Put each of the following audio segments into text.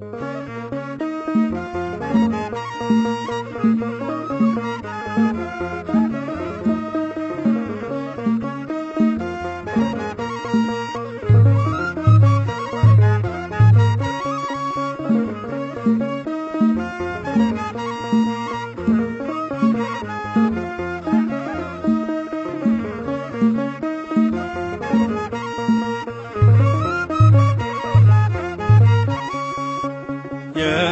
Música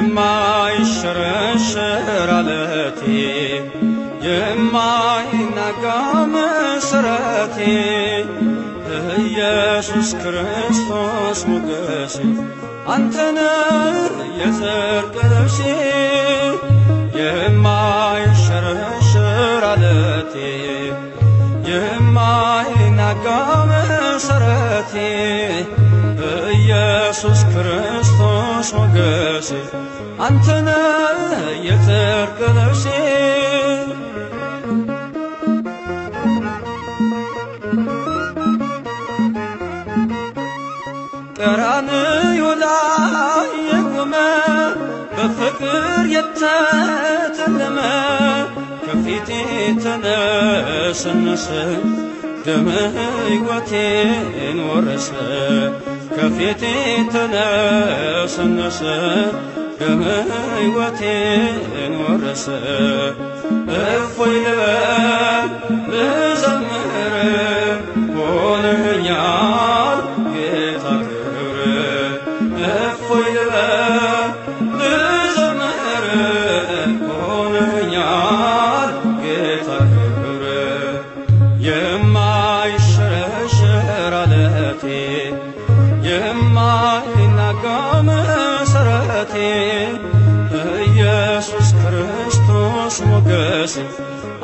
የማይሸረሸር አለቴ የማይናጋ መሰረቴ ኢየሱስ ክርስቶስ ሞገሴ አንተነህ የጽድቅ ልብሴ የማይሸረሸር አለቴ የማ የተረጋጋ መሰረቴ ኢየሱስ ክርስቶስ ሞገሴ አንተነ የጽርቅ ነፍሴ ቀራንዮ ላይ የቆመ በፍቅር የተተለመ ከፊቴ ተነሰነሰ ደመ ሕይወቴን ወረሰ ከፊቴ ተነሰነሰ ደመ ሕይወቴን ወረሰ እፎይ ልበል ልዘምር ሆነኛል ጌታ ክብር እፎይ ልበል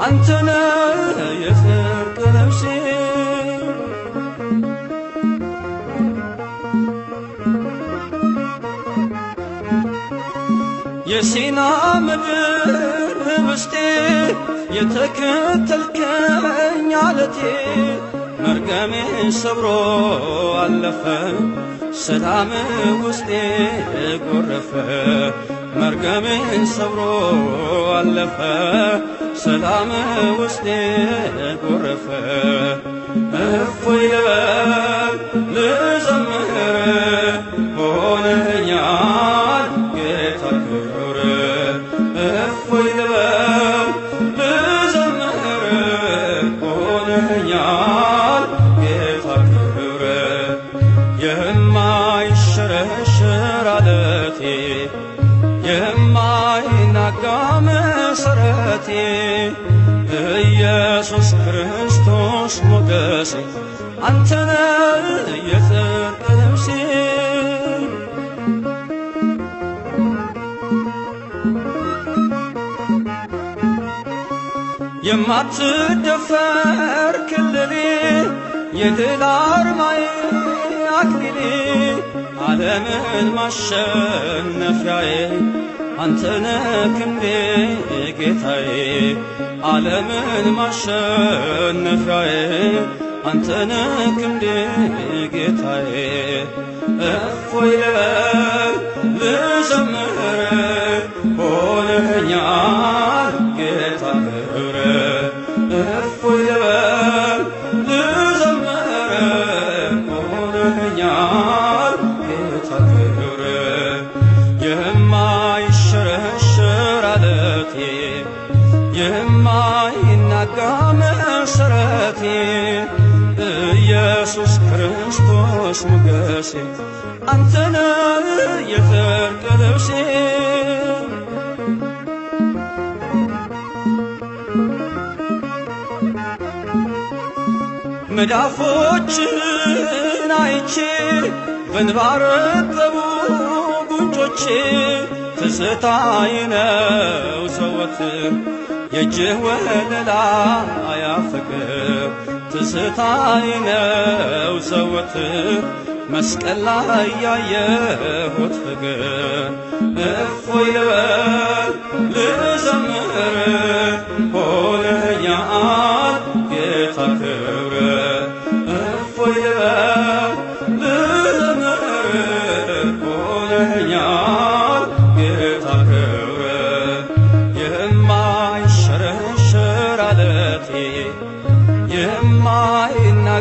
አንተና የፍርቅ ነፍሴ የሲና ምድር ውስጤ የተከተልከኝ አለቴ መርገሜን ሰብሮ አለፈ ሰላም ውስጤ ጎረፈ መርገሜን ሰብሮ አለፈ ሰላም ውስጤ ጎረፈ እፎይ ልበል ይንሸረሸር አለቴ የማይናጋ መሰረቴ ኢየሱስ ክርስቶስ ሞገሴ አንተነ የጽድቅ ልብሴ የማትደፈር ክልሌ የድል አርማዬ አክሊሌ ዓለምን ማሸነፊያዬ አንተነህ ክንዴ ጌታዬ ዓለምን ማሸነፊያዬ አንተነህ ክንዴ ጌታዬ እፎይ ልበል ልዘምር ሆነኸኛል ጌታ ምሕረት ኢየሱስ ክርስቶስ ሞገሴ አንተነ የእርቅ ልብሴ መዳፎችን አይቼ በእንባ ረጠቡ ጉንጮቼ ትዝታዬ ነው ዘወትር የእጅህ ወለላ አያፈቅም ትስታይ ነው ዘወትር መስቀል ላይ ያየሁት ፍቅር እፎይ ልበል ልዘምር ሆነኛል ጌታ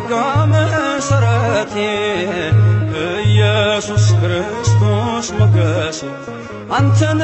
የጸጋ መሰረቴ ኢየሱስ ክርስቶስ ሞገሴ አንተነ